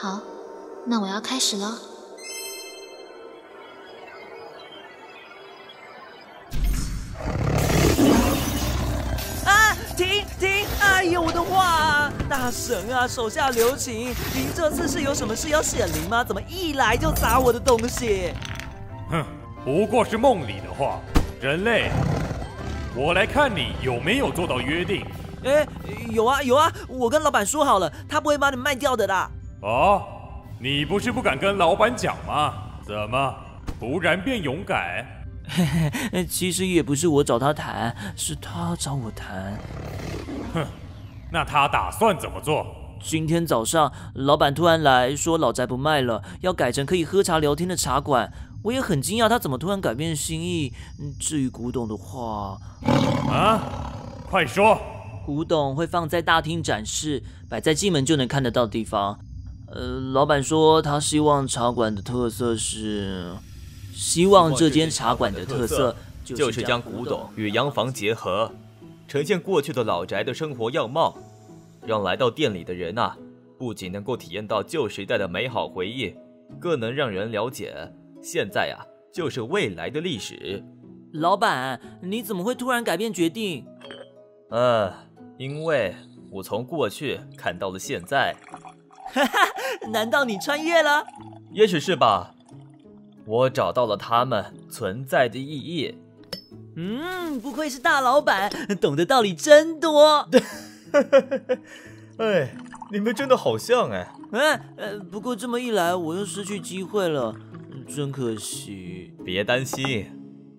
好，那我要開始了。啊！停停！哎呦我的畫、啊，大神啊，手下留情！您這次是有什麼事要顯靈嗎？怎麼一來就砸我的東西？哼，不過是夢裡的話。人類，我來看你有沒有做到約定。哎，有啊有啊，我跟老闆說好了，他不會把你賣掉的啦。哦，你不是不敢跟老板講嗎？怎麼突然變勇敢？嘿嘿，其實也不是我找他談，是他找我談。哼，那他打算怎麼做？今天早上老板突然來說，老宅不賣了，要改成可以喝茶聊天的茶館。我也很驚訝他怎麼突然改變心意。至於古董的話……啊，快說，古董會放在大廳展示，擺在進門就能看得到的地方。呃，老闆說他希望茶館的特色是，希望這間茶館的特色就是將古董與洋房結合，呈現過去的老宅的生活樣貌，讓來到店裡的人啊，不僅能夠體驗到舊時代的美好回憶，更能讓人了解現在啊，就是未來的歷史。老闆，你怎麼會突然改變決定？呃，因為我從過去看到了現在。哈哈， 難道你穿越了？也許是吧。我找到了他們存在的意義。嗯，不愧是大老闆，懂得道理真多。 哎，你們真的好像哎。嗯、哎，不過這麼一來，我又失去機會了，真可惜。別擔心，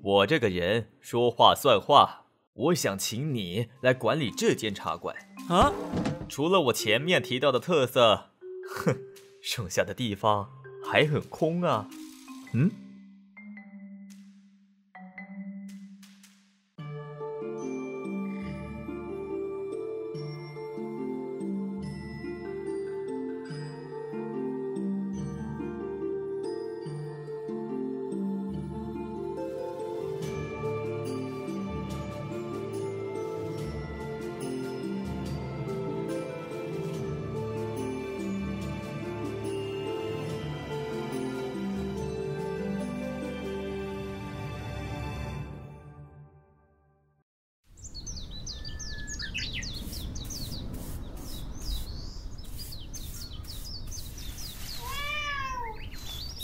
我這個人說話算話。我想請你來管理這間茶館啊。除了我前面提到的特色。哼，剩下的地方還很空啊，嗯。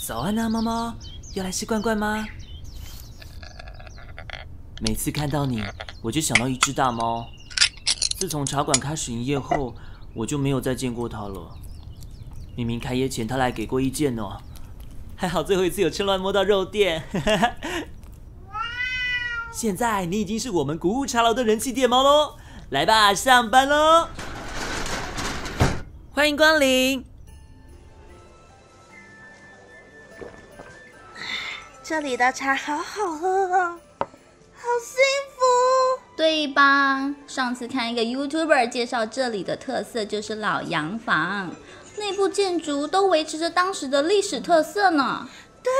早安啊，貓貓，要來吃罐罐嗎？每次看到你，我就想到一只大貓。自從茶館開始營業後，我就沒有再見過它了。明明開業前它來給過意見哦，還好最後一次有趁亂摸到肉墊。 現在你已經是我們古物茶樓的人氣店貓嘍，來吧，上班嘍！歡迎光臨。這裡的茶好好喝哦，好幸福，對吧？上次看一個 YouTuber 介紹這裡的特色，就是老洋房，內部建築都維持着當時的歷史特色呢。對，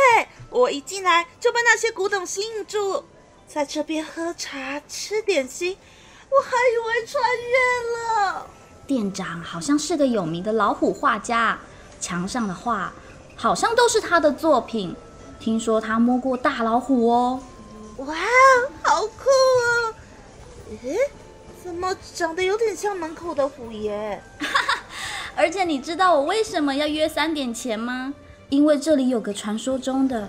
我一進來就被那些古董吸引住，在這邊喝茶吃點心，我還以為穿越了。店長好像是個有名的老虎畫家，牆上的畫好像都是他的作品。聽說他摸過大老虎哦，哇，好酷哦。誒，怎麼長得有點像門口的虎爺？哈哈，而且你知道我為什麼要約三點前嗎？因為這裡有個傳說中的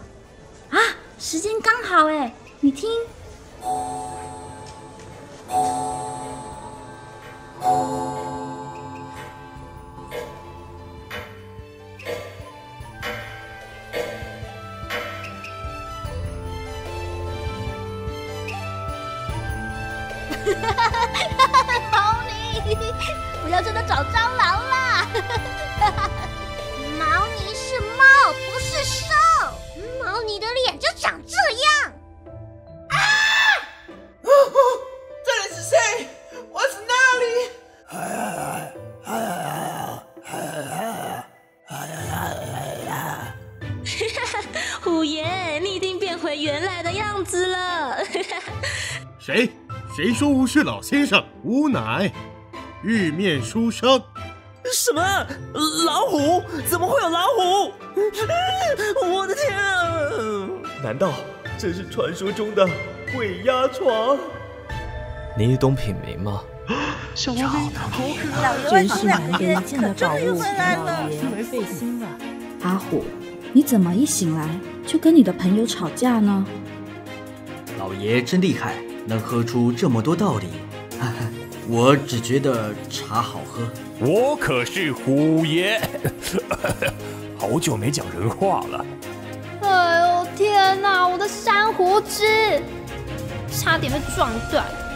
啊，時間剛好哎，你聽。哈， 毛尼，我要真的找蟑螂了。哈， 毛尼是貓，不是獸。毛尼的臉就長這樣。啊！哦哦，這人是誰？我是毛尼。哈哈哈，虎爺，你已經變回原來的樣子了。 誰？誰說吾是老先生？吾乃玉面書生。什麼？老虎？怎麼會有老虎？我的天啊！難道這是傳說中的鬼壓床？你懂品茗嗎？巧的，真是難得一見的寶物。老爺費心了。阿虎，你怎麼一醒來就跟你的朋友吵架呢？老爺真厲害。能喝出這麼多道理，我只覺得茶好喝。我可是虎爺，呵呵，好久沒講人話了。哎呦，天哪，我的珊瑚枝差點被撞斷。